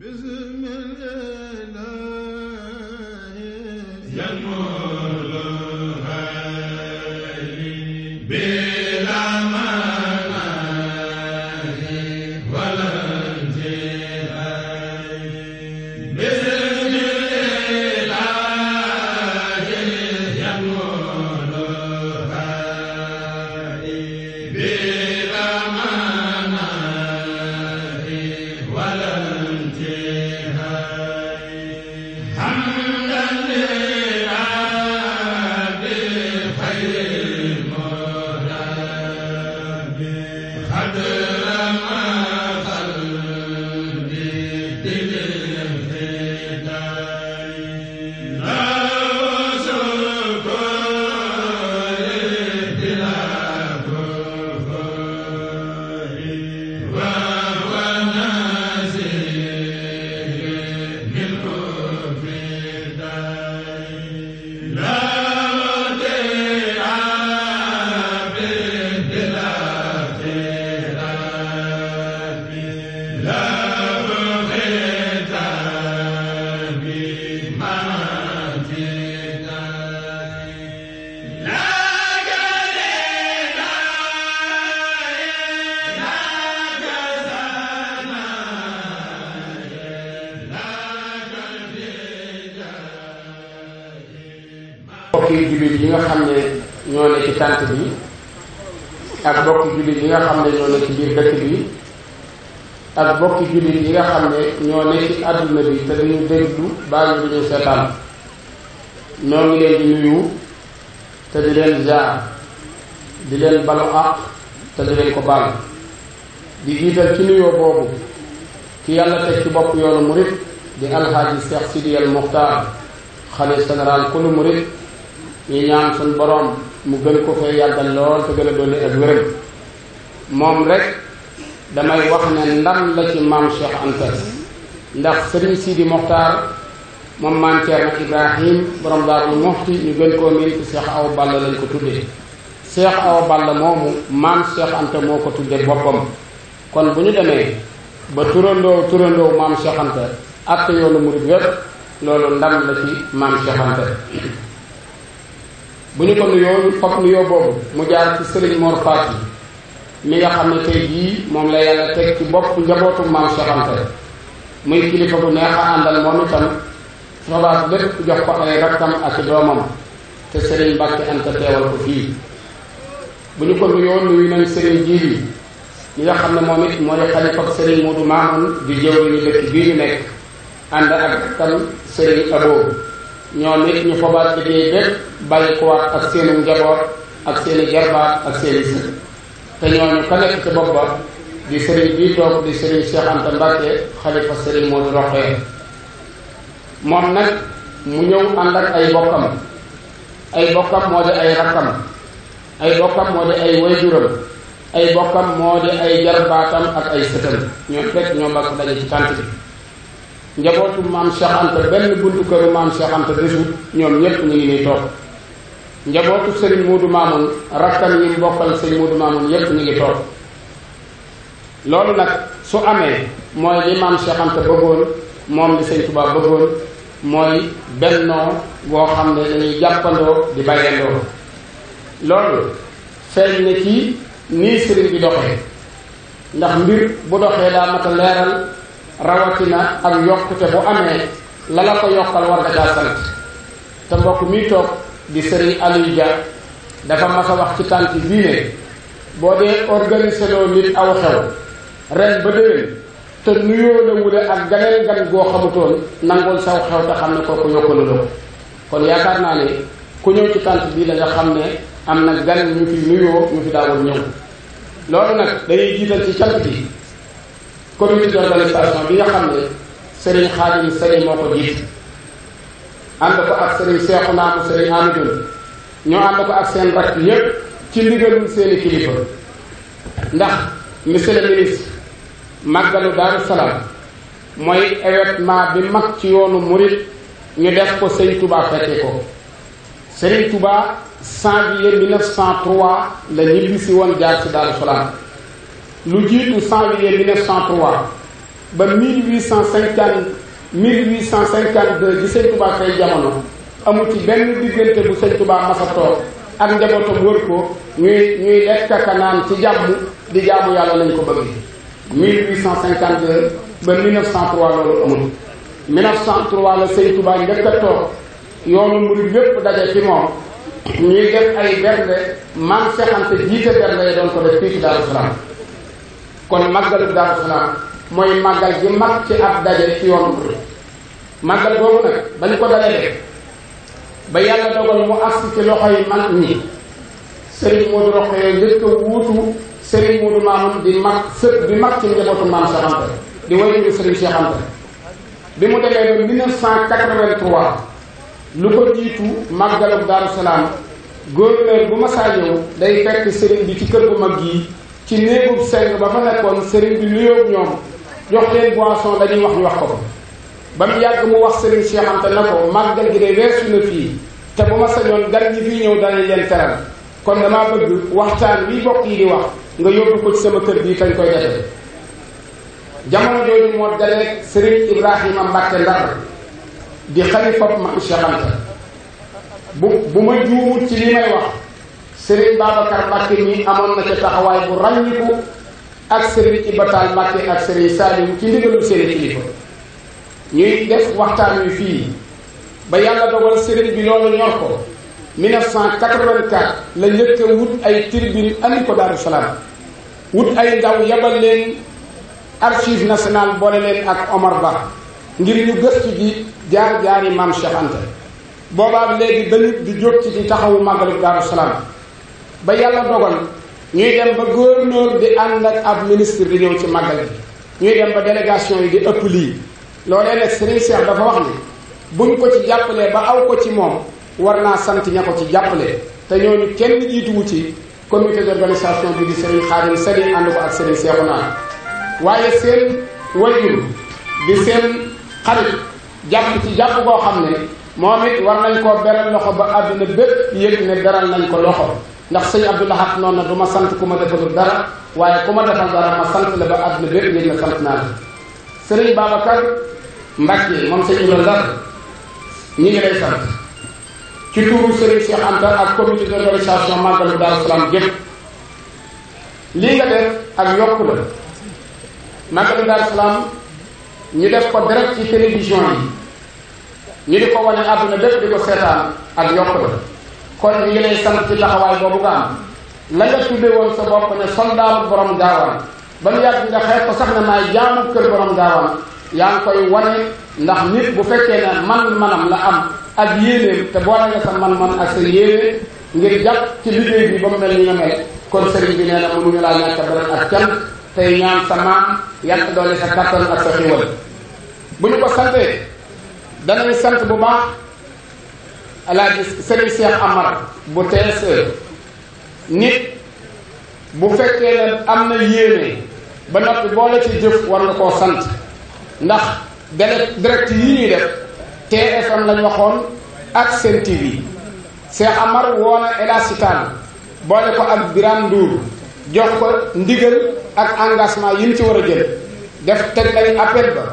bismillah cant bi ak bokki jullit yi nga xam ne ñoo ne ci biir dëkk bi ak bokki jullit yi nga xam ne ñoo ne àdduna bi te dañu déglu baa ngi duñu seetaan ñoo ngi leen di nuyu te di leen jaar di leen balu àq te di leen ko baal di jiital ci nuyoo boobu ki yàlla teg ci bopp yoonu murit di alxaaji Seex Sidiyal Muxtaar xalif général kulu murit ñu ñaan suñ boroom mu gën ko fee yàggal lool te gën ak wéram moom rek damay wax ne ndam la ci maam Cheikh Anta ndax sëriñ Sidi Mokhtar moom maam Thierno Ibrahim borom Daaru Muxti ñu gën koo miin ci Cheikh Awa Balla lañ ko tuddee Cheikh Awa Balla moomu maam Cheikh moo ko tuddee boppam kon bu ñu demee ba turandoo turandoo maam Cheikh Anta ak yoonu murid wépp loolu ndam la ci maam Cheikh bu ñu ko nuyoo fab nuyoo boobu mu jaar ci sëriñ Mor nga xam ne moom la yàlla teg ci bopp njabootu maam Cheikh Anta muy kilifa bu neex a àndal moom bu ko nuyoo nuyu nañ xam ne moom it mooy xalifa sëriñ di jëw ñu dëkk bii ñu nekk ànd ak tam sëriñ Abo ñoom it ñu fobaat liggéey bépp bàyyi ko waat ak seenu njaboot ak seeni jarbaat ak seeni sët te ñooñu ka nekk ci bopp ba di sëriñ bii toog di sëriñ Cheikh Anta xalifa sëriñ Modou Rokhaya moom nag mu ñëw ànd ak ay bokkam ay bokkam moo di ay rakkam ay bokkam moo di ay wayjuram ay bokkam moo di ay jarbaatam ak ay sëtam ñoo fekk ñoo bokk daje ci tànt bi njabootu maam Cheikh Anta benn buntu këru maam Cheikh Anta desut ñoom ñépp ñu ngi nii toog njabootu Serigne Modou Mamoun rakkam yi mu bokkal Serigne Modou ñu ngi toog loolu nag su amee mooy li maam Cheikh Anta bëggoon moom li Serigne Touba bëggoon mooy bennoo boo xam ne dañuy jàppandoo di bàyyandoo loolu feeñ ne ci nii Serigne bi doxee ndax mbir bu doxee daa mat leeral rawatina ak yokkute bu amee la la ko yokkal war nga sant te mbokk mi toog di sëriñ Aliou Dia dafa mas wax ci tànk bii ne boo dee organisé loo nit aw xew ren ba déwén te nuyoo la wule ak ganeen gan goo xamutoon nangul saw xew te xam ne kooku yokkalu la ko kon yaakaar naa ne ku ñëw ci tànk bii la xam ne am na gan ñu fi nuyoo ñu fi daawul ñëw loolu nag dañuy jiital ci cant bi comité d'organisation bi nga xam ne Serigne Khadim Seye moo ko jiit ànd ko ak Serigne Seexu Naamu Serigne Amidou ñoo ànd ko ak seen rakk yépp ci ndigalul seeni kilifa ndax monsieur le ministre màggalu Daaru Salaam mooy événement bi mag ci yoonu murit ñu def ko Serigne Touba fekke ko Serigne Touba janvier 1903 la ñibbisi woon jaar ci Daaru Salaam lu jiitu janvier 1903 ba 1850 1852 di sëñ Touba fay jamono amul ci benn diggante bu sëñ Touba masa toog ak njabootam wër ko ñuy ñuy lekk ak naan ci jàmm di jaamu yàlla lañ ko bëgg 1852 ba 1903 loolu amul 1903 la sëñ Touba njëkk a toog yoonu murid yépp daje fi moom ñuy def ay bernde maam Seex Anta jiite bernde yi doon ko def fii ci Daaru Salaam kon màggalu Daaru Salaam mooy màggal gi mag ci ab daje ci yoonu murid màggal boobu nag bañ ko dalee def ba yàlla dogal mu as ci loxo yi mag ñi Serigne Modou Rokhaya njëkk a wuutu Serigne Modou Mamoun di mag sët bi mag ci njabootu maam Cheikh Anta di wajuru Serigne Cheikh Anta bi mu demee ba 1983 lu ko jiitu màggalu Daaru Salaam gouverneur bu ma saa ñëw day fekk Serigne bi ci kër bu mag yi. ci néegub seng ba fa nekkoon sëriñ bi nuyoog ñoom jox leen boisson dañuy wax ñu wax ko ko ba mu yàgg mu wax sëriñ Cheikh Anta na ko màggal gi de weesu na fii te bu ma sañoon gan ñi fii ñëw danañ leen teral kon damaa bëgg waxtaan wi bokk yi di wax nga yóbbu ko ci sama kër bii kañ koy defee jamono jooju moo daleeg sëriñ Ibrahima Mbàkke Ndar di xalifa Maam Cheikh bu bu ma juumut ci li may wax Serigne Babacar Mbacke ñi amoon na ca taxawaay bu ràññiku ak Serigne Iba Tall ak Serigne Saliou ci ndigalu seen kilifa ñuy def waxtaan wi fii ba yàlla dogal Serigne bi loolu ñor ko 1984 la njëkk a wut ay tribune andi ko Daaru Salaam wut ay ndaw yabal leen archive nationale boole leen ak Omar Ba ngir ñu gëstu ji jaar jaari maam Cheikh Anta léegi dañu di jóg ci di taxawu màggalu Daaru ba yàlla dogal ñuy dem ba gouverneur di ànd ak ab ministre di ñëw ci màggal bi ñuy dem ba délégation yi di ëpp lii loolee nag sëriñ Cheikh dafa wax ni ñu ko ci jàppalee ba aw ko ci moom war naa sant ña ko ci jàppale te ñooñu kenn jiituwu ci comité d'organisation bi di sëriñ Xaadim Sali ànd ko ak sëriñ Seexu naan waaye seen wajur di seen xarit jàpp ci jàpp boo xam ne moom it war nañ ko beral loxo ba àdduna bépp yëg ne beral nañ ko loxo ndax sëñ abdoulahat noonu na du ma sant ku ma defalul dara waaye ku ma defal dara ma sant la ba àdduna bépp yëg na sant naa sëriñ babacar mbàkke moom sëñ ibra ndar ñi ci tuuru sëriñ Cheikh Anta ak comité d'organisation màggalu nga def ak yokku la màggalu Daaru Salaam ñu def ko direct ci télévision yi ñu di ko wane àdduna bépp di ko seetaan ak yokku la kon ñu ngi lay sant ci taxawaay boobu nga am la nga tudde woon sa bopp ne soldaaru borom gaawaan ba mu yàgg nga xeet ko sax ne maay jaamu kër borom gaawaan yaa ngi koy wane ndax nit bu fekkee ne man manam la am ak yéenéem te boole nga sa man-man ak sa yéene ngir jàpp ci liggéey bi ba mu mel ni nga mel kon sëriñ bi nee na mënuñu laa ñàkk beral ak cant tey ñaan sa maam yàq doole sa kattan ak sa xiwal bu ñu ko santee danañ sant bu baax alaaji sëriñ Cheikh Amar bu TSE nit bu fekkee ne am na yéene ba noppi boo la ci jëf war na koo sant ndax direct yi ñuy def TFM lañ waxoon ak seen TV Cheikh Amar woo na El Hadj Sitaan boole ko ak Birane Ndour jox ndigal ak engagement yi mu ci war a jël def teg nañ appel ba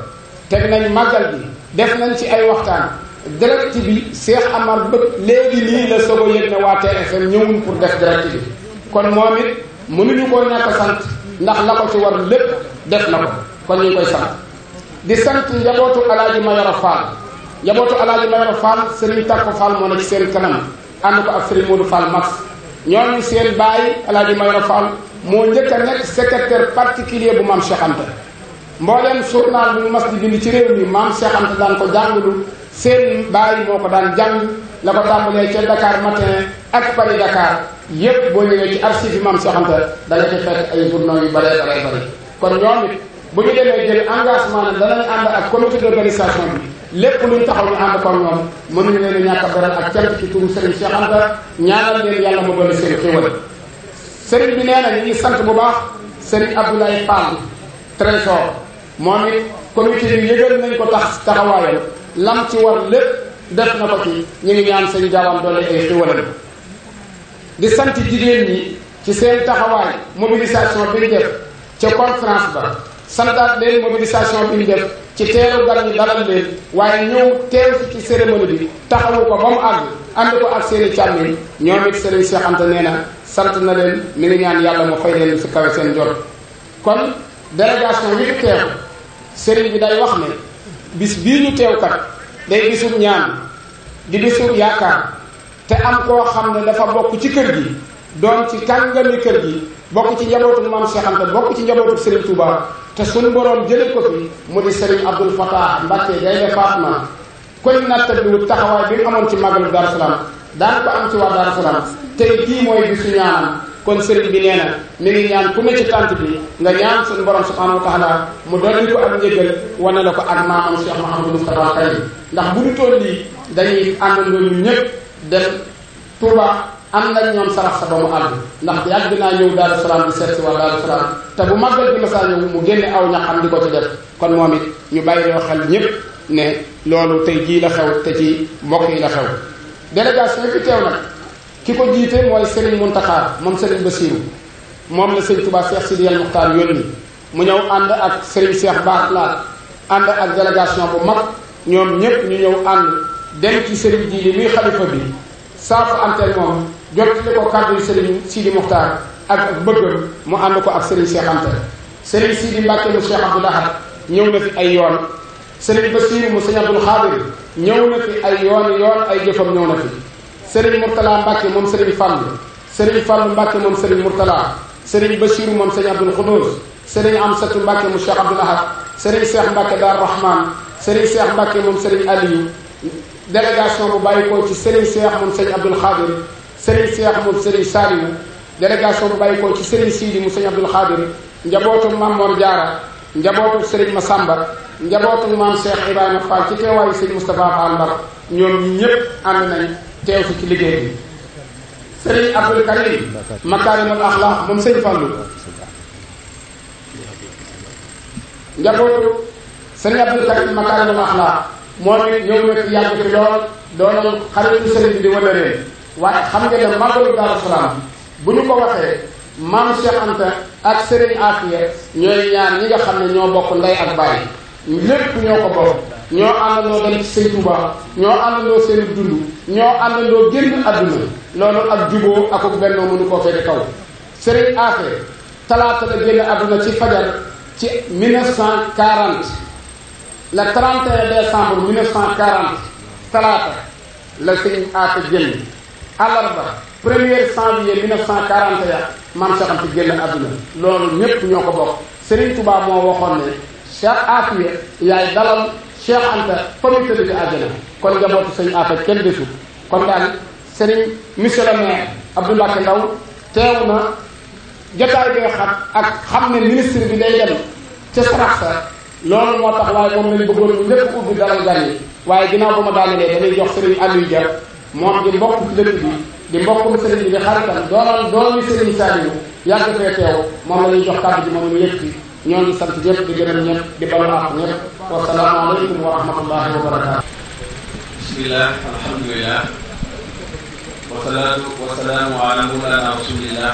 teg nañ màggal bi def nañ ci ay waxtaan direct bi Cheikh Amar Bët léegi nii la soog a yëg ne waa TFM ñëwul pour def direct bi kon moom it mënuñu koo ñàkk sant ndax la ko ci war lépp def na ko kon ñu ngi koy sant di sant njabootu alaaji Mayoro Fall njabootu alaaji Mayoro Fall Serigne Tako Fall moo ne ci seen kanam ànd ko ak Serigne Modou Fall Max ñooñu seen bàyyi alaaji Mayoro Fall moo njëkk a nekk secrétaire particulier bu maam Cheikh Anta mboolem journal bu ñu mas di bind ci réew mi maam Cheikh Anta daan ko jàngalu seen bàyyi moo ko daan jàng la ko tàmbalee ca Dakar matin ak Paris Dakar yépp boo ñëwee ci archive yi maam Cheikh Anta ci fekk ay journaux yu bare bare bare kon ñoom it bu ñu demee jël engagement ne danañ ànd ak comité d'organisation bi lépp luñ taxaw ñu ànd ko ñoom mënuñu leen a ñàkk a beral ak cant ci turu Serigne Cheikh Anta ñaanal leen yàlla mu dolli seen xéwal Serigne bi nee na ñu ngi sant bu baax Serigne Abdoulaye Pall trésor moom it comité bi yëgal nañ ko tax taxawaayam lam ci war lépp def na ko ci ñu ngi ñaan seen jaawaan doole ay xiwalam di sant jigéen ñi ci seen taxawaay mobilisation bi ñu def ca conférence ba santaat leen mobilisation bi ci teeru gan ñi dalal leen waaye ñëw teew ci cérémonie bi taxawu ko ba mu àgg ànd ko ak seeni càmmiñ ñoom it Serigne Cheikh nee na sant na leen mi ñaan yàlla mu fay leen su kawe seen jot kon délégation yi teew sëriñ bi day wax ne bis bii ñu teewkat day bisub ñaan di bisub yaakaar te am koo xam ne dafa bokk ci kër gi doon ci kàngami kër gi bokk ci njabootu maam Cheikh Anta bokk ci njabootu Serigne Touba te suñu boroom jële ko fi mu di Serigne Abdoul Fatah Mbacké Gaynde Fatma koñ nattal bi taxawaay bi mu amoon ci màggalu Darou Salam daan ko am ci waa Darou Salam tey kii mooy bisu ñaanam kon sëriñ bi nee na ngi ñaan ku ne ci tànt bi nga ñaan suñu borom subhanahu wa taala mu dolli ko ak njëgal wane la ko ak maam am Cheikh Mahamadou Moustapha ndax bu ñu toll lii dañuy àndandoo ñu ñëpp def Touba am nañ ñoom sarax sa ba mu àgg ndax yàgg naa ñëw Daaru Salaam di seet si waa Daaru te bu màggal bi ma saa mu génne aw ñaxam di ko ci def kon moom it ñu bàyyi loo xel ñëpp ne loolu tey jii la xew te ci mbokk yi la xew délégation bi teew nag ki ko jiite mooy Serigne Mountakha moom Serigne Bassirou moom la Serigne Touba Cheikh Sidi El Mokhtar yónni mu ñëw ànd ak Serigne Cheikh Baax la ànd ak délégation bu mag ñoom ñépp ñu ñëw ànd dem ci Serigne ji li muy xalifa bi saafu anteel moom jottali ko kàddu Serigne Sidi Mokhtar ak ak bëggam mu ànd ko ak Serigne Cheikh Anta Serigne Sidi Mbacke mu Cheikh Abdou Lahad ñëw na fi ay yoon Serigne Bassirou mu Serigne Abdou Khadir ñëw na fi ay yoon yoon ay jëfam ñëw na fi sëriñ Mourtala Mbacke moom sëriñ Fallou sëriñ Fallou Mbacke moom sëriñ Mourtala sëriñ Bachir moom sëriñ Abdoul Khoudous sëriñ Amsatou Mbacke mu Cheikh Abdoul Ahad sëriñ Cheikh Mbacke Dar Rahman sëriñ Cheikh Mbacke moom sëriñ Aliou délégation bu bàyyi koo ci sëriñ Cheikh moom sëriñ Abdoul Khadir sëriñ Cheikh moom sëriñ Saliou délégation bu bàyyi koo ci sëriñ Sidi mu sëriñ Abdoul Khadir njabootu Mamor Diarra njabootu sëriñ Massamba njabootu maam Cheikh Ibrahima Fall ci teewaayu sëriñ Moustapha Fall ñoom ñëpp ànd nañ teew si ci liggéey bi sëriñ Abdul Karim makaarimul axlaaq moom sëñ Fallou njabootu sëriñ Abdul Karim makaarimul axlaaq moom it ñëw na fi lool doon xaritu sëriñ di wëlëree waaye xam nga ne màggalu Daaru Salaam bu ñu ko waxee maam Cheikh Anta ak sëriñ Afiya ñooy ñaar ñi nga xam ne ñoo bokk ndey ak bàyyi lépp ñoo ko bokk ñoo àndandoo dem ci sëñ Tuuba ñoo àndandoo seen dund ñoo àndandoo génn àdduna loolu ak juboo ak ak bennoo mënu koo fete kaw sëriñ Afe talaata la génn àdduna ci fajar ci 1940 le 31 décembre 1940 talaata la sëriñ Afe génn àllarba premier janvier 1941 maam Cheikh Anta génn àdduna loolu ñépp ñoo ko bokk sëriñ Tuuba moo waxoon ne Cheikh Afe yaay dalal Cheikh Anta fa muy tëdd ci àjjana kon njabootu sëñ Afa kenn desul kon daal sëriñ monsieur le maire Abdoulaye Ndaw teew na jotaay bee xam ak xam ne ministre bi day dem ca sarax sa loolu moo tax waaye moom lañ bëggoon ñu lépp ubbi dalal gan yi waaye ginnaaw ba ma daanelee dañuy jox sëriñ Aliou Dia moom di mbokk ci bi di mbokkum sëriñ bi di xaritam doonal doon li sëriñ yàgg fee teew moom la jox kàddu ji moom ñu yëg ci ñoo ngi sant ñëpp di gërëm ñëpp di balu àq ñëpp wasalaamaaleykum wa rahmatullahi wa barakaatu bismillah alhamdulilah wasalaatu wasalaamu ala mawlana rasulillah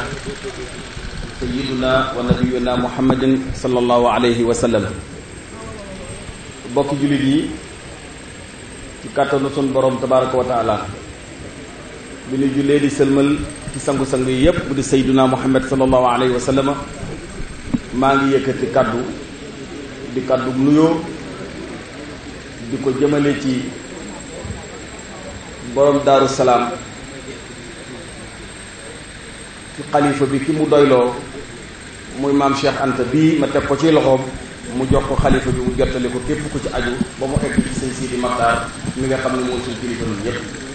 sayiduna wa nabiyuna muhammadin sallallahu alayhi wa sallam bokki jullit yi ci kàttanu sun borom tabaraka wa taala bi ñu jullee di sëlmal sangu-sangu yi yépp bu muhammad sallallahu alayhi wa sallam maa ngi yëkkati kaddu di kaddu nuyoo di ko jëmale ci borom daaru salaam ci xalifa bi ki mu doyloo muy maam Cheikh Anta bii ma teg ko ci loxoom mu jox ko xalifa bi mu jottali ko képp ku ci aju ba mu egg ci sëñ Sidi Maxtaar mi nga xam ne moo suñ kilifa ñun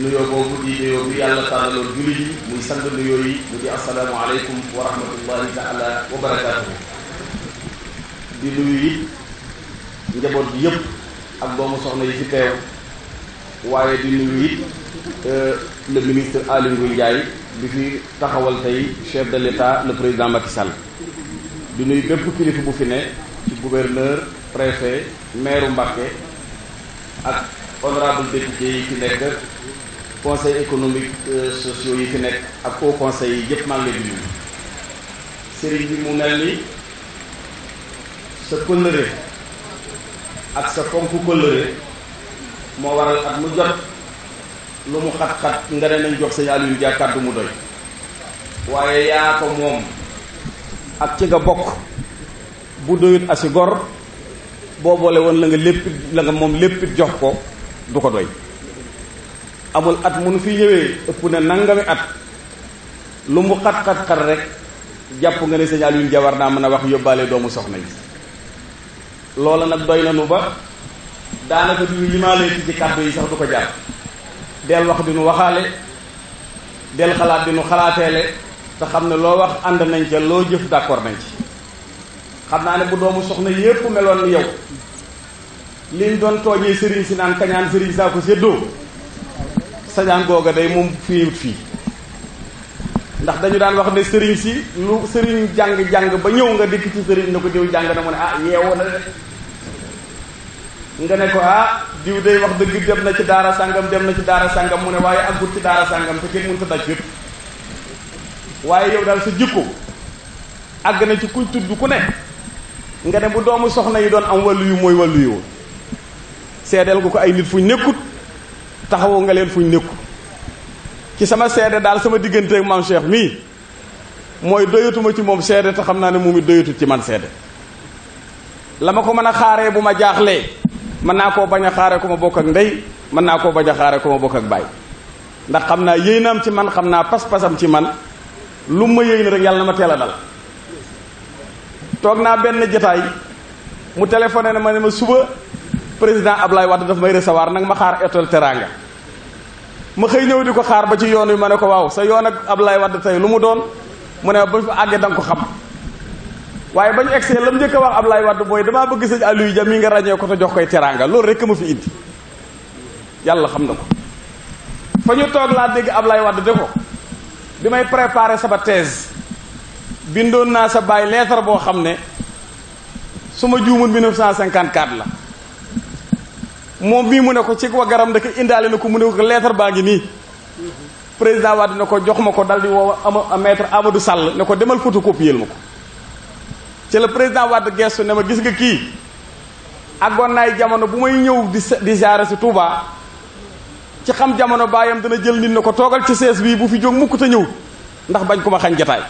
nuyoo boobu di nuyoo bu yàlla tànnaloon jullit yi muy sang nuyoo yi mu di asalaamu aleykum wa rahmatullahi taala di nuyu it njaboot bi yëpp ak doomu soxna yi fi teew waaye di nuyu it euh, le ministre Aly Ngouille Ndiaye bi fi taxawal tey chef de l'État le président Macky Sall di nuyu bépp kilifa bu fi ne ci gouverneur préfet maire Mbacké ak honorable député yi fi nekk conseil économique euh, sociaux yi fi nekk ak au conseil yi yëpp maa ngi leen di nuyu sëriñ bi mu mel ni sa kóllëre ak sa fonk kóllëre moo waral at mu jot lu mu xat-xat nga ne nañ jox sëñ Aliou Dia kàddu mu doy waaye yaa ko moom ak ci nga bokk bu doyut asi gor woon la nga lépp la nga moom lépp jox ko du ko doy amul at mun fi ñëwee ëpp na nangami at lu mu xat-xat-xat rek jàpp nga ne sëñ Aliou Dia naa mën a wax yóbbaale doomu soxna yi loola nag doy na nu ba daanaka du ñu limaaleeti ci kàddu yi sax du ko jaar del wax di nu waxaale del xalaat di nu xalaateele te xam ne loo wax ànd nañ ca loo jëf d'accord nañ ci xam naa ne bu doomu soxna yépp meloon ni yow liñ doon tooñee sëriñ si naan kañaan sëriñ saa ko séddoo sañaan googa day moom firiwut fii ndax dañu daan wax ne sëriñ si lu sëriñ jàng-jàng ba ñëw nga dikk ci sëriñ ne ko diw jàng na mu ne ah yeewoo na nga ne ko ah diw day wax dëgg dem na ci daara sàngam dem na ci daara sàngam mu ne waaye àggut ci daara sàngam te kenn mënut a daj waaye yow daal sa jikko àgg na ci kuñ tudd ku ne nga ne bu doomu soxna yi doon am wàllu yu mooy wàllu yu seedeel ko ko ay nit fuñ nekkut taxawu nga leen fuñ nekku ci sama seede daal sama digganteeg maam Cheikh mii mooy doyatuma ci moom seede te xam naa ne moom it doyatu ci man seede la ma ko mën a xaaree bu ma jaaxlee mën naa koo bañ a xaare ku ma bokk ak ndey mën naa koo bañ a xaare ku ma bokk ak baay ndax xam naa naam ci man xam naa pas-pasam ci man lum ma yéy na rek yàlla na ma teel dal toog naa benn jotaay mu téléphoné ne ma ne ma suba président Ablaye Wade daf may recevoir nag ma xaar étoile Teranga ma xëy ñëw di ko xaar ba ci yoon wi ma ne ko waaw sa yoon ak Ablaye Wade tey lu mu doon mu ne ba fa àggee da ko xam waaye bañ egsee la mu njëkk a wax Ablaye Wade booy damaa bëgg sëñ Aliou Dia mi nga ràññee ko sa jox koy teraanga loolu rek ma fi indi yàlla xam na ko fa ñu toog laa dégg Ablaye Wade de ko bi may préparé sama bindoon naa sa baay lettre boo xam ne su ma juumul 1954 la moom mii mu ne ko ci wa garam dëkk indaale na ko mu ne ko leetar baa ngi nii président Wade ne ko jox ma ko dal di woo ama maître Amadou Sall ne ko demal photocopier ma ko ci la président Wade gestu ne ma gis nga kii àggoon naay jamono bu may ñëw di di jaare si ci xam jamono baayam dana jël nit ne ko toogal ci sees bii bu fi jóg mukk te ñëw ndax bañ ko ma xañ jataay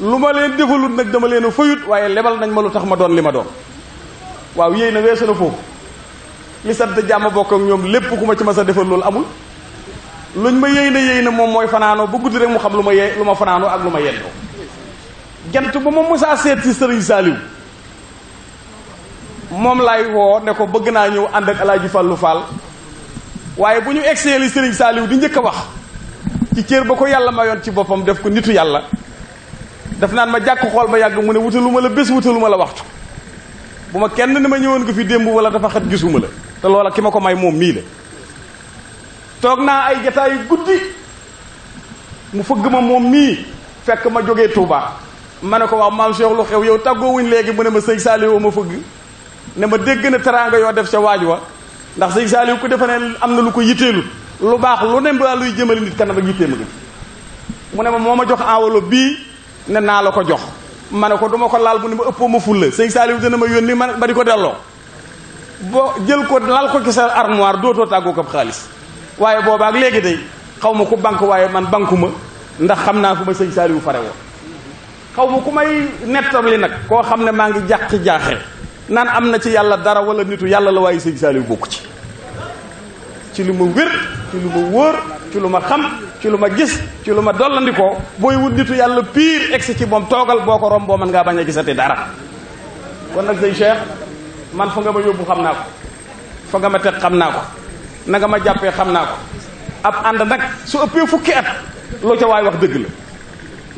lu ma leen defalut nag dama leen a fayut waaye lebal nañ ma lu tax ma doon li ma doon waaw yéey na weesu na foofu li sant jàmm bokk ak ñoom lépp ku ma ci mas a defal loolu amul luñ ma yëy na yëy moom mooy fanaanoo ba guddi rek mu xam lu ma yee lu ma fanaanoo ak lu ma yendoo jant ma musaa seet si sëriñ Saaliw woo ne ko bëgg naa ñëw ànd ak waaye bu ñu egsee li sëriñ Saaliw di njëkk a wax ci cër yàlla mayoon ci boppam def ko nitu yàlla daf naan jàkk xool ba yàgg mu ne wutalu ma la bés wutalu ma waxtu bu ma kenn ni ma ñëwoon ko fi démb wala dafa xat gisuma la te loola ki ma ko may moom mii la toog naa ay jataayu guddi mu fëgg ma moom mii fekk ma jógee tuubaa ma ne ko waaw maam Cheikh lu xew yow tàggoowuñ léegi mu ne ma sëñ Saliou ma fëgg ne ma dégg na teraanga yoo def sa waaj wa ndax sëñ Saliou ku defe ne am na lu ko yitteelut lu baax lu ne mbaa luy jëmale nit kanam yittee ma nga mu ne ma moo ma jox enveloppe bii ne naa la ko jox ma ne ko du ma ko laal mu ne ma ëppoo ma fulla sëñ Saliou dina ma yónni ma di ko delloo boo jël ko lal ko ci sa armoire dootoo tàggoo xaalis waaye boobaak léegi day xaw ma ku banque waaye man banku ma ndax xam naa fu ma sëñ Saaliwu fare woon xaw ma ku may nettali nag koo xam ne maa ngi jàq jaaxe naan am na ci yàlla dara wala nitu yàlla la waaye sëñ Saaliwu bokku ci ci lu ma wér ci lu ma wóor ci lu ma xam ci lu ma gis ci lu ma dollandikoo booy wut nitu yàlla piir exe ci moom toogal boo ko romboo mën ngaa bañ a gisati dara kon nag sëñ man fa nga ma yóbbu xam naa ko fa nga ma teg xam naa ko na nga ma jàppee xam naa ko ab ànd nag su ëppee fukki at loo ca waay wax dëgg la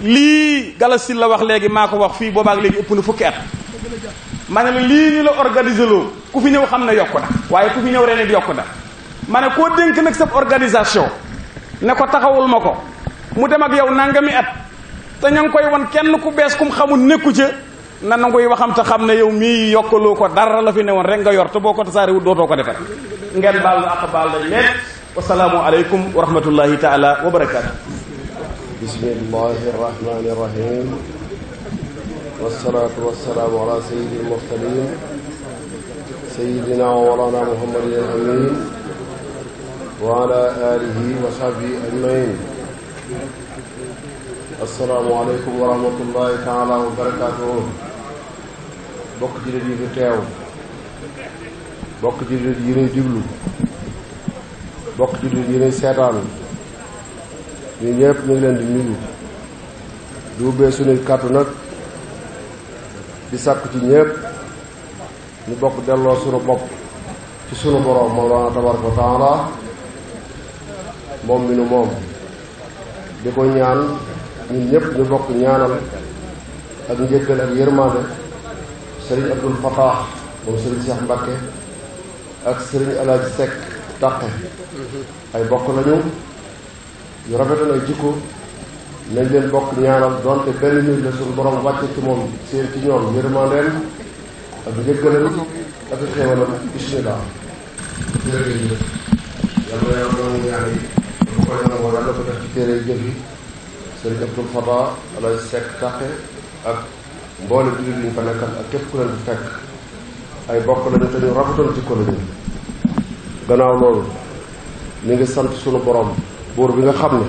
lii galasil la wax léegi maa ko wax fii boobaak léegi ëpp na fukki at ma ne lii ñu la organise loo ku fi ñëw xam ne yokku na waaye ku fi ñëw ren it yokku na ma ne koo dénk nag sa organisation ne ko taxawul ma ko mu dem ak yow nangami at te ña ngi koy wan kenn ku bees kum xamul nekku ca na nanguy waxam te xam ne yow mii yokkaloo ko dara fi ne woon rek nga yor te boo ko tasaarewut dootoo ko defar ngeen baal na baal lañ leen wasalaamu aleykum wa rahmatullahi taala wa barakaatu bismillahi rahmani rahim ala sayyidil mursalin sayyidina wa mawlana muhammadin amin wa ala alihi wa asalaamualeykum wa rahmatullahi taala wa barakaatuhu bokk jullit yi fi teew bokk jullit yi nuy diglu bokk jullit yi nuy seetaan ñu ñëpp ñu leen di nuyu du ubbee suñuy kàddu nag di sàkku ci ñëpp ñu bokk delloo suñu bopp ci sunu boroom Mawlaana tabaraka wa taala moom nu moom di ko ñaan ñun ñëpp ñu bokk ñaanal ak njëggal ak yërmaande sëriñ Abdul Fatah moom sëriñ Cheikh Mbakke ak sëriñ Alaaji Seck Taqe ay bokk lañu yu rafetoon ay jikko nañ leen bokk ñaanal donte benn nit la suñu borom wàcce ci moom seen ci ñoom yërmandeel ak njëggalam ak xéewalam bismillah jërëjëf yàlla yàlla moom ñaan koy nangoo rek dafa def ci téere jëf yi sëriñ Abdul Fata alay sekk taqe ak mboole bi ñu ko nekkal ak képp ku leen bu fekk ay bokk lañu te ñu rafetoon ci colonie gannaaw loolu ñu ngi sant sunu borom buur bi nga xam ne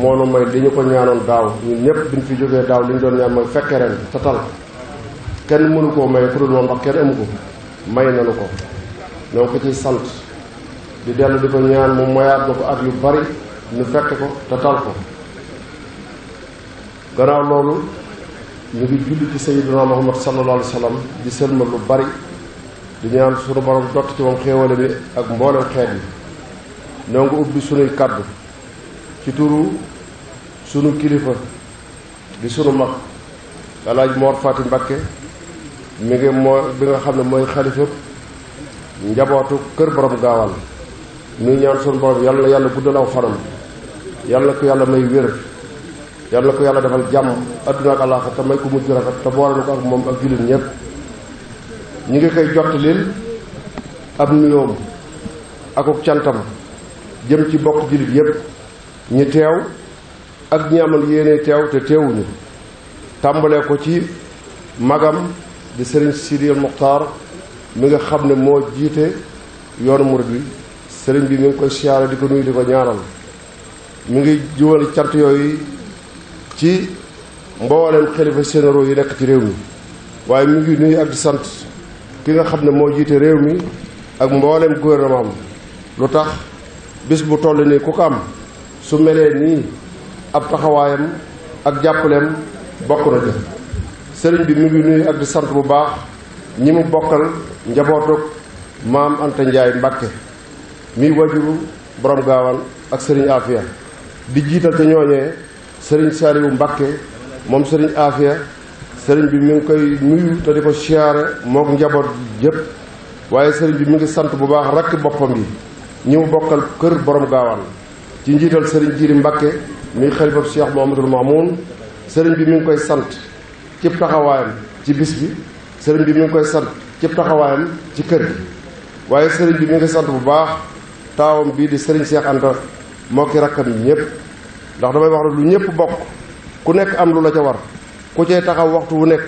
moonu may li ñu ko ñaanoon daaw ñun ñëpp biñ fi jógee daaw li ñu doon ñaan mooy fekkee ren te tal kenn mënu koo may ku dul moom ak kenn amu ko may nanu ko ñoo ko ciy sant di dellu di ko ñaan mu moyaat ba ko at yu bari ñu fekk ko te tal ko gannaaw loolu ñu ngi julli ci sayyidina Muhammad sallallahu alayhi di sëlma lu bari di ñaan suñu borom dott ci moom xéewale bi ak mboolem xeet yi ñoo ngi ubbi sunuy kàddu ci turu sunu kilifa di sunu mag alaaj Mor Fati Mbakke mi ngi moo bi nga xam ne mooy xalifa njabootu kër borom gaawal nuy ñaan sunu borom yàlla yàlla guddal aw fanam yàlla ko yàlla may wér yàlla ko yàlla defal jàmm adduna ak àllaaxa te may ko mujj rafet te boole ko ak moom ak jullit ñëpp ñu ngi koy jottalil ab nuyoom akuk cantam jëm ci bokk jullit yëpp ñi teew ak ñi amal yéene teew te teewuñu tàmbalee ko ci magam di sëriñ Sidi Muxtaar mi nga xam ne moo jiite yoonu murid bi sëriñ bi mi ngi koy siyaare di ko nuyu di ko ñaaral mi ngi jumale cant yooyu ci mbooleem xalifa généraux yi nekk ci réew mi waaye mi ngi nuyu ak di sant ki nga xam ne moo jiite réew mi ak mbooleem gouvernement lu tax bis bu toll nii ku ko am su melee nii ab taxawaayam ak jàppaleem bokk na jëf sëriñ bi mu ngi nuyu ak sant bu baax ñi mu bokkal njabootuk maam Anta Ndiaye mi wajuru borom gaawal ak sëriñ Afia di jiital ca ñooñee sëriñ Saliou Mbakke moom sëriñ Afia sëriñ bi mu ngi koy nuyu te di ko siyaare mook njaboot yëpp waaye sëriñ bi mu ngi sant bu baax rakk boppam yi ñi mu bokkal kër borom gaawal ci njiital sëriñ Jiiri Mbakke mi ngi xalifab Cheikh Mouhamadoul Mamoun sëriñ bi mu ngi koy sant cib taxawaayam ci bis bi sëriñ bi mu ngi koy sant cib taxawaayam ci kër gi waaye sëriñ bi mi ngi sant bu baax taawam bii di sëriñ Cheikh Anta moo ki rakkam yi ñëpp ndax damay wax ne lu ñépp bokk ku nekk am lu la ca war ku cee taxaw waxtu wu nekk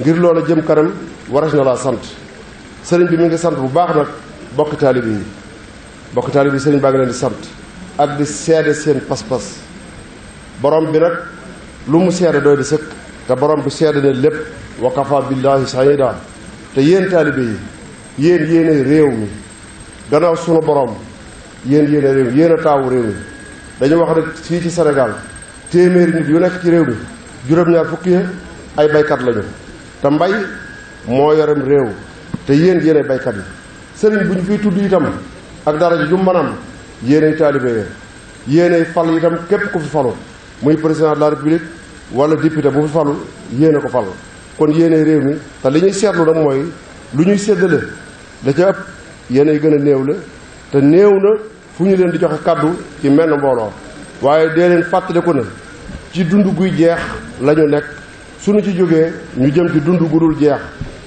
ngir loola jëm kanam waras na laa sant sëriñ bi mu ngi sant bu baax nag bokki taalibe yi bokki taalibe yi sëriñ baa ngi leen di sant ak di seede seen pas-pas borom bi nag lu mu seede doy di sëkk te borom bi seede ne lépp wa kafa billahi sahida te yéen taalibe yi yéen yéenay réew mi gannaaw sunu borom yéen yéen a réew mi taawu réew mi dañu wax rek fii ci senegal téeméeri nit yu nekk ci réew mi juróom-ñaar fukki ya ay baykat lañu te mbay moo yorem réew te yéen yéen ay baykat yi sëriñ bu ñu fiy tudd itam ak dara ji ju manaam yéenay taalibe yi yéenay fal itam képp ku fi falu muy président de la république wala député bu fi falu yéen ko fal kon yéenay réew mi te li ñuy seetlu nag mooy lu ñuy séddale da ca ëpp yéenay gën a néew la te néew na fu ñu leen di joxe kàddu ci menn mbooloo waaye dee leen fàttaliku ne ci dund guy jeex lañu ñu nekk suñu ci jógee ñu jëm ci dund gu jeex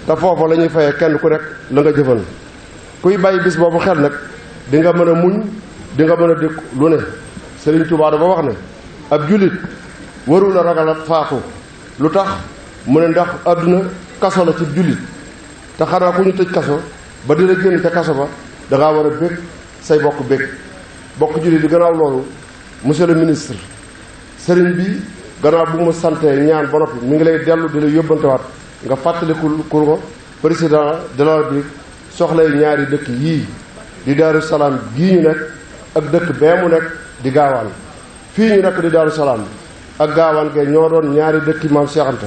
te foofa la ñuy fayee kenn ku nekk la nga jëfal kuy bàyyi bis boobu xel nag di nga mën a muñ di nga mën a dékk lu ne Sëriñ Tuubaa dafa wax ne ab jullit warul a ragal ak faatu lu tax mu ne ndax àdduna kaso la ci jullit te xanaa ku ñu tëj kaso ba dina génn ca kaso ba da ngaa war say bokk bég bokk jullit di gannaaw loolu monsieur le ministre sëriñ bi gannaaw bu mu santee ñaan ba mu ngi lay dellu di la yóbbantewaat nga fàttalikul ko président de la République soxlay ñaari dëkk yii di Daaru Salaam gii ñu nekk ak dëkk bee mu nekk di gaawaan fii ñu nekk di Daaru ak gaawaan kay ñoo doon ñaari dëkk maam Cheikh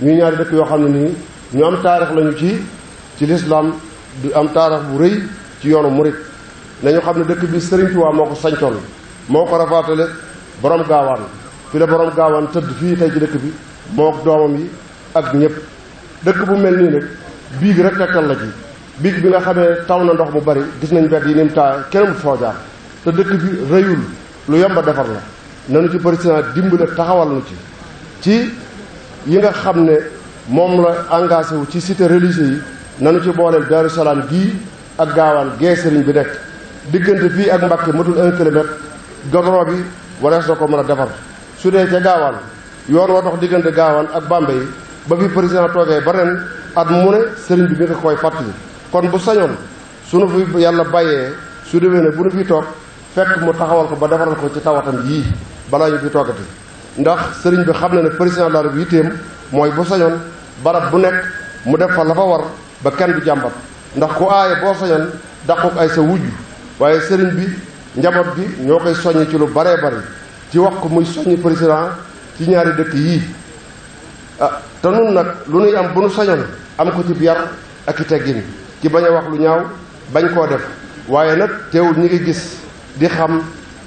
ñuy ñaari dëkk yoo xam ne nii ñu am taarix lañu ci ci lislaam du am taarix bu rëy ci yoonu murit nañu xam ne dëkk bi Serigne Touba moo ko sancoon moo ko rafaatale borom gaawaan fi la borom gaawaan tëdd fii tey ci dëkk bi moo doomam yi ak ñëpp dëkk bu mel nii nag biig rek tegtal la ci biig bi nga xamee taw na ndox mu bari gis nañu bet yi nim taa kenn mu foo jaar te dëkk bi rëyul lu yomba defar la nanu ci président dimbale taxawal nu ci ci yi nga xam ne moom la engagé wu ci cité religieux yi nanu ci booleel Darou Salaam gii ak gaawaan gee sëriñ bi nekk diggante fii ak Mbàkke matul un kilomètre goudron bi warees na ko mën a defar su dee ca gaawaan yoon wa dox diggante gaawaan ak Bambey ba fi président toogee ba ren at mu ne sëriñ bi mi nga koy fàttali kon bu sañoon su suñu fi yàlla bàyyee su demee ne bu nu fi toog fekk mu taxawal ko ba defaral ko ci tawatam yii balaa ñu fi toogati ndax sëriñ bi xam na ne président daal bi yitteem mooy bu sañoon barab bu nekk mu def fa la fa war ba kenn du jàmbat ndax ku aaye boo sañoon dàqu ko ay waaye sëriñ bi njaboot bi ñoo koy soññ ci lu baree bari ci wax ko muy soññ président ci ñaari dëkk yii ah, te nun nag lu nuy am bu nu sañoon am ko ci yar ak i teggin ci bañ wax lu ñaaw bañ koo def waaye nag teewul ñi ngi gis di xam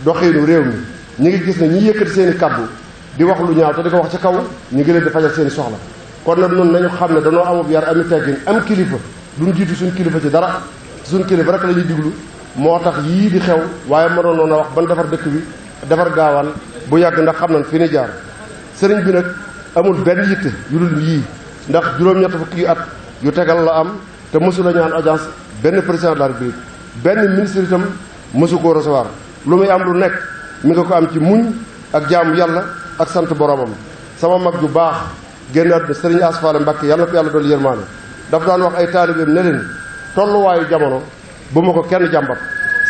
doxiinu réew mi ñi ngi gis ne ñi yëkkati seen i di wax lu ñaaw te di ko wax ci kaw ñu ngi leen di fajal seen soxla kon nag nun nañu xam ne danoo amub yar ami teggin am kilifa duñ jiitu suñ kilifa ci dara suñ kilifa rek la ñuy diglu moo tax yii di xew waaye ma doon noon a wax ban defar dëkk bi defar gaawaan bu yàgg ndax xam nañ fi ni jaar sëriñ bi nag amul benn yitte yu dul yii ndax juróom-ñett fukki at yu tegal la am te mësu la ñaan audience benn président de la République benn ministre itam mësu koo recevoir lu muy am lu nekk mi nga ko am ci muñ ak jaamu yàlla ak sant borom boromam sama mag yu baax génn àdduna sëriñ Asfaale Mbàkke yàlla na ko yàlla doon yërmaane daf daan wax ay taalibeem ne leen tolluwaayu jamono bu ma ko kenn jàmbat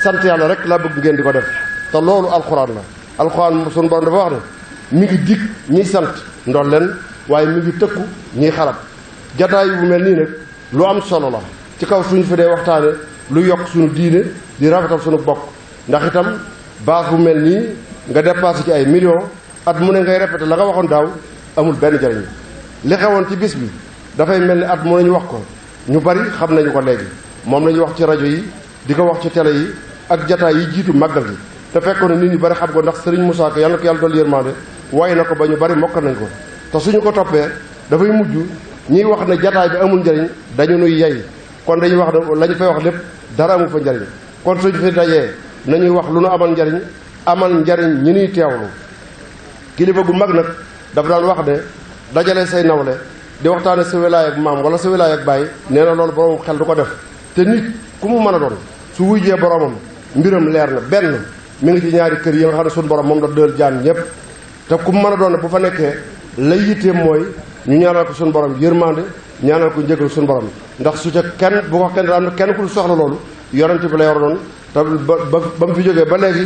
sant yàlla rek laa bëgg ngeen di ko def te loolu alxuraan la alxuraan sunu borom dafa wax ne mi ngi dig ñiy sant ndool leen waaye mi ngi tëkku ñiy xalaat jataay bu mel nii nag lu am solo la ci kaw suñu fi dee waxtaane lu yokk suñu diine di rafetal suñu bokk ndax itam baax bu mel nii nga dépassé ci ay millions at mu ne ngay répété la nga waxoon daaw amul benn jariñ li xewoon ci bis bi dafay mel ni at mu ne ñu wax ko ñu ba xam nañu ko léegi moom la ñuy wax ci rajo yi di ko wax ci télé yi ak jataay yi jiitu màggal gi te fekkoon ne nit ñu bari xam ko ndax sëriñ Moussa Ka yàlla na ko yàlla dool yërmande na ko ba ñu bari mokkal nañ ko te suñu ko toppee dafay mujj ñiy wax ne jataay bi amul njariñ dañu nuy yey kon dañuy wax ne lañ fay wax lépp dara amul fa njariñ kon suñu fi dajee nañuy wax lu nu amal njariñ amal njariñ ñi nuy teewlu kilifa gu mag nag dafa daan wax ne dajale say nawle di waxtaane sa wilaay ak maam wala sa wilaay ak baay nee na loolu borom xel du ko def te nit ku mu mën a doon su wujjee boromam mbiram leer na benn mi ngi ci ñaari kër yi nga xam ne suñu borom moom la dël jaan ñëpp te ku mu mën a doon bu fa nekkee lay yitteem mooy ñu ñaanal ko suñu borom yërmande ñaanal ko njëgal suñu borom ndax su ca kenn bu ko kenn da kenn ku soxla loolu yonent bi la yor noonu te ba ba mu fi jógee ba léegi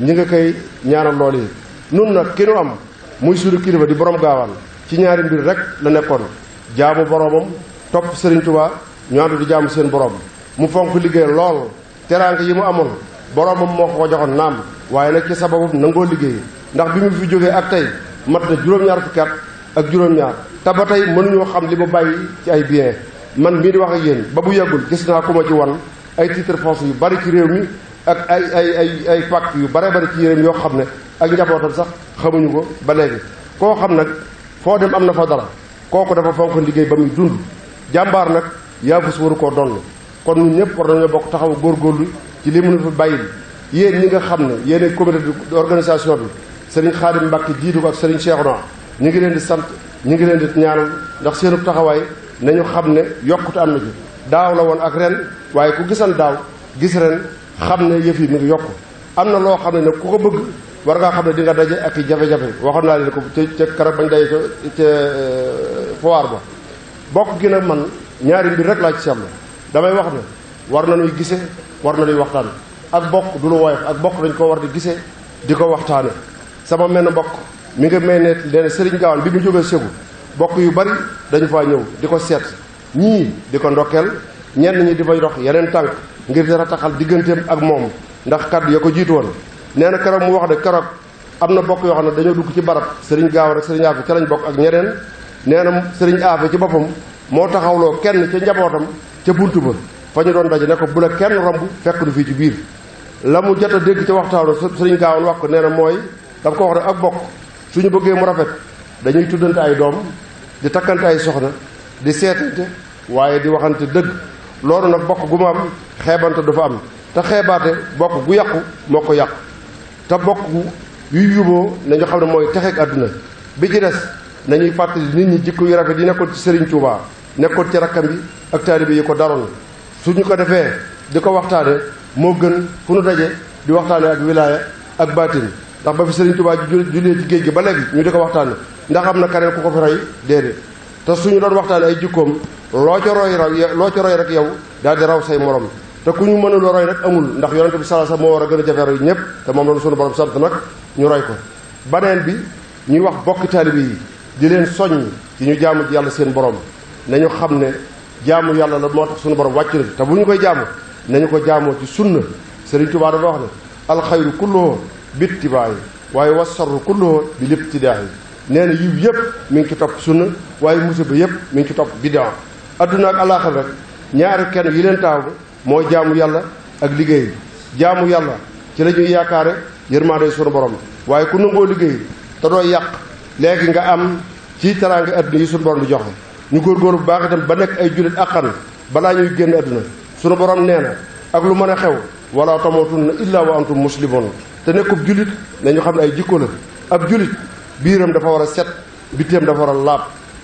ñi nga koy ñaanal lool yi nun nag ki nu am muy suñu kilifa di borom gaawaan ci ñaari mbir rek la nekkoon jaamu boromam to Serigne Touba ñu àndu di jaamu seen borom mu fonk liggéey lool teraanga yi mu amoon boroomam moo ko joxoon naam waaye nag ci sababu nangoo liggéey ndax bi mu fi jógee ak tey mat na juróom-ñaar fukki ak juróom-ñaar te ba tey mënuñoo xam li mu bàyyi ci ay bien man mii di wax ak yéen ba mu yeggul gis naa ku ma ji wan ay titre foncier yu bari ci réew mi ak ay ay ay ay pàcc yu bare bari ci réew yoo xam ne ak njabootam sax xamuñu ko ba léegi koo xam nag foo dem am na fa dara kooku dafa fonk liggéey ba muy jàmbaar nag yaafus waru koo donn kon ñun ñëpp war nañoo bokk taxawu góor góorgóorlu ci lii mënu fi bàyyil yéen ñi nga xam ne yéen ay comité d'organisation bi sëriñ Xaadim Mbàkke jiitu ko ak sëriñ Cheikhouna ñu ngi leen di sant ñu ngi leen di ñaanal ndax seenu taxawaay nañu xam ne yokkute am na ci daaw la woon ak ren waaye ku gisan daaw gis ren xam ne yëf yi mi ngi yokku am na loo xam ne nag ku ko bëgg war ngaa xam ne di nga daje ak i jafe-jafe waxoon naa leen ko ca ca karab bañ day ca ca euh, ba bokk gi nag man ñaari mbir rek laa ci damay wax na war nañuy gise war na nañuy waxtaan ak bokk du lu woyof ak bokk dañ ko war di gise di ko waxtaane sama menn bokk mi nga mel ne den sëriñ gaawaan bi mu jógee segu bokk yu bari dañu faa ñëw di ko seet ñii di ko ndokkeel ñenn ñi di fay dox yeneen tànk ngir di rataxal digganteem ak moom ndax kàddu ya ko jiitu woon nee na keroog mu wax de keroog am na bokk yoo xam ne dañoo dugg ci barab sëriñ gaaw rek sëriñ aafe ca lañ bokk ak ñeneen nee na sëriñ ci boppam moo taxawloo kenn ca njabootam ca bunt ba fa ñu doon daje ne ko bu la kenn romb fekk nu fii ci biir la mu jot a dégg ca waxtaan sëriñ gaawoon wax ko nee na mooy daf ko wax ne ak bokk su ñu bëggee mu rafet dañuy tuddante ay doom di takkante ay soxna di seetante waaye di waxante dëgg loolu nag bokk gu mu am xeebante dafa am te xeebaate bokk gu yàqu moo ko yàq te bokk yu yuboo nañu xam ne mooy texeeg àdduna bi ci des nañuy fàttali nit ñi jikko yu rafet yi nekkoon ci Serigne Touba nekkoon ci rakkam bi ak taalibe yi ko daroon ñu ko defee di ko waxtaane moo gën fu nu daje di waxtaane ak wilaaya ak baatin ndax ba fi Sëriñ Tuubaa jullee ci géej gi ba léegi ñu di ko waxtaane ndax am na keneen ku ko fi rey déedéet te suñu doon waxtaane ay jikkoom loo ca roy raw loo ca rek yow daal di raw say morom te ku ñu mënul roy rek amul ndax yonente bi sallallahu moo war a gën a jafe roy ñëpp te moom lañu suñu borom sant nag ñu roy ko baneen bi ñuy wax bokki taalibe yi di leen soññ ci ñu jaamu yàlla seen borom nañu xam ne jaamu yàlla la moo tax suñu borom wàcc te bu koy jaamu nañu ko jaamoo ci sunna Sëriñ Tuubaa dafa wax ne alxayru kulluhu bittibaayi waaye wasarru kulluhu bi libtidaayi nee na yiw yépp mi ngi ci topp sunna waaye musiba yépp mi ngi ci topp bidaa adduna ak rek ñaari kenn yi leen mooy jaamu yàlla ak liggéey jaamu yàlla ci la ñuy yaakaare yërmaande sunu borom waaye ku nangoo liggéey te doo yàq léegi nga am ci teraanga adduna yi sunu borom di joxe ñu góor góor bu baax itam ba nekk ay jullit àqan balaa ñuy génn àdduna suñu borom nee na ak lu mën a xew wala tamootunna illa wa antum muslimoon te nekkub jullit nañu xam ne ay jikko la ab jullit biiram dafa war a set bitéem dafa war a laab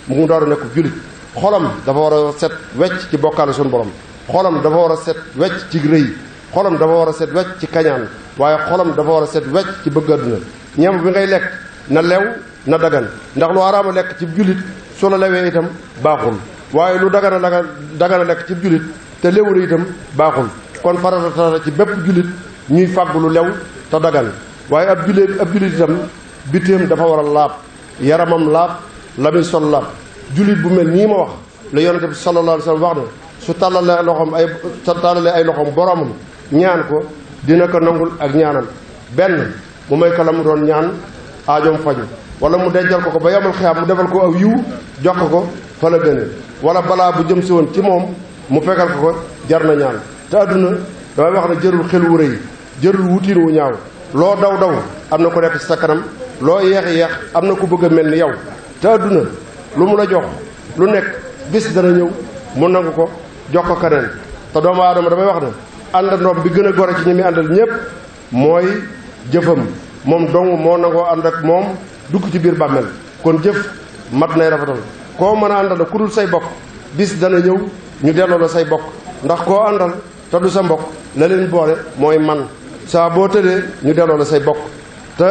mu door a nekkub jullit xolam dafa war a set wecc ci bokkaale suñu borom xolam dafa war a set wecc ci rëy xolam dafa war a set wecc ci kañaan waaye xolam dafa war a set wecc ci bëgg àdduna ñam bi ngay lekk na lew na dagan ndax lu araama lekk ci jullit su la lewee itam baaxul waaye lu dagana daga dagana nekk ci jullit te lewul itam baaxul kon farata tara ci bépp jullit ñuy fàgg lu lew te dagan waaye ab jullit ab jullit itam bitéem dafa war a laab yaramam laab la muy sol laab jullit bu mel nii ma wax la yonente bi sallallahu alayhi wasallam wax ne su tàllalee ay loxoom ay tàllalee ay loxoom boromam ñaan ko dina ko nangul ak ñaanam benn mu may ko la doon ñaan aajoom faju wala mu dencal ko ko ba yamul xiyaam mu defal ko aw yiw jox ko fa la gënee wala balaa bu jëm si woon ci moom mu fekkal ko ko jar na ñaan te adduna damay wax na jërul xel wu rëy jërul wutiin wu ñaaw loo daw daw am na ko nekk si sa kanam loo yeex yeex am na ku bëgg mel ni yow te adduna lu mu la jox lu nekk bis dana ñëw mu nangu ko jox ko keneen te doomu aadama damay wax ne àndandoom bi gën a gore ci ñi muy àndal ñépp mooy jëfam moom dong moo nangoo ànd ak moom dugg ci biir bàmmeel kon jëf mat nay rafetal koo mën a àndal ku say bokk bis dana ñëw ñu delloo la say bokk ndax koo àndal te du sa mbokk la leen boole mooy man saa boo tëddee ñu delloo la say bokk te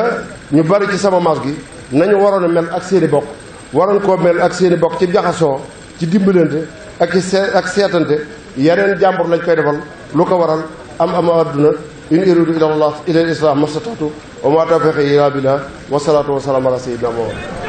ñu bari ci sama maas gi nañu waroon mel ak seeni bokk waroon koo mel ak seeni bokk ci jaxasoo ci dimbalante ak ak seetante yeneen jàmbur lañ koy defal lu ko waral am am adduna in uridu ila allah ila al islam wa ma tawfiqi illa billah wa salatu wa salam ala sayyidina muhammad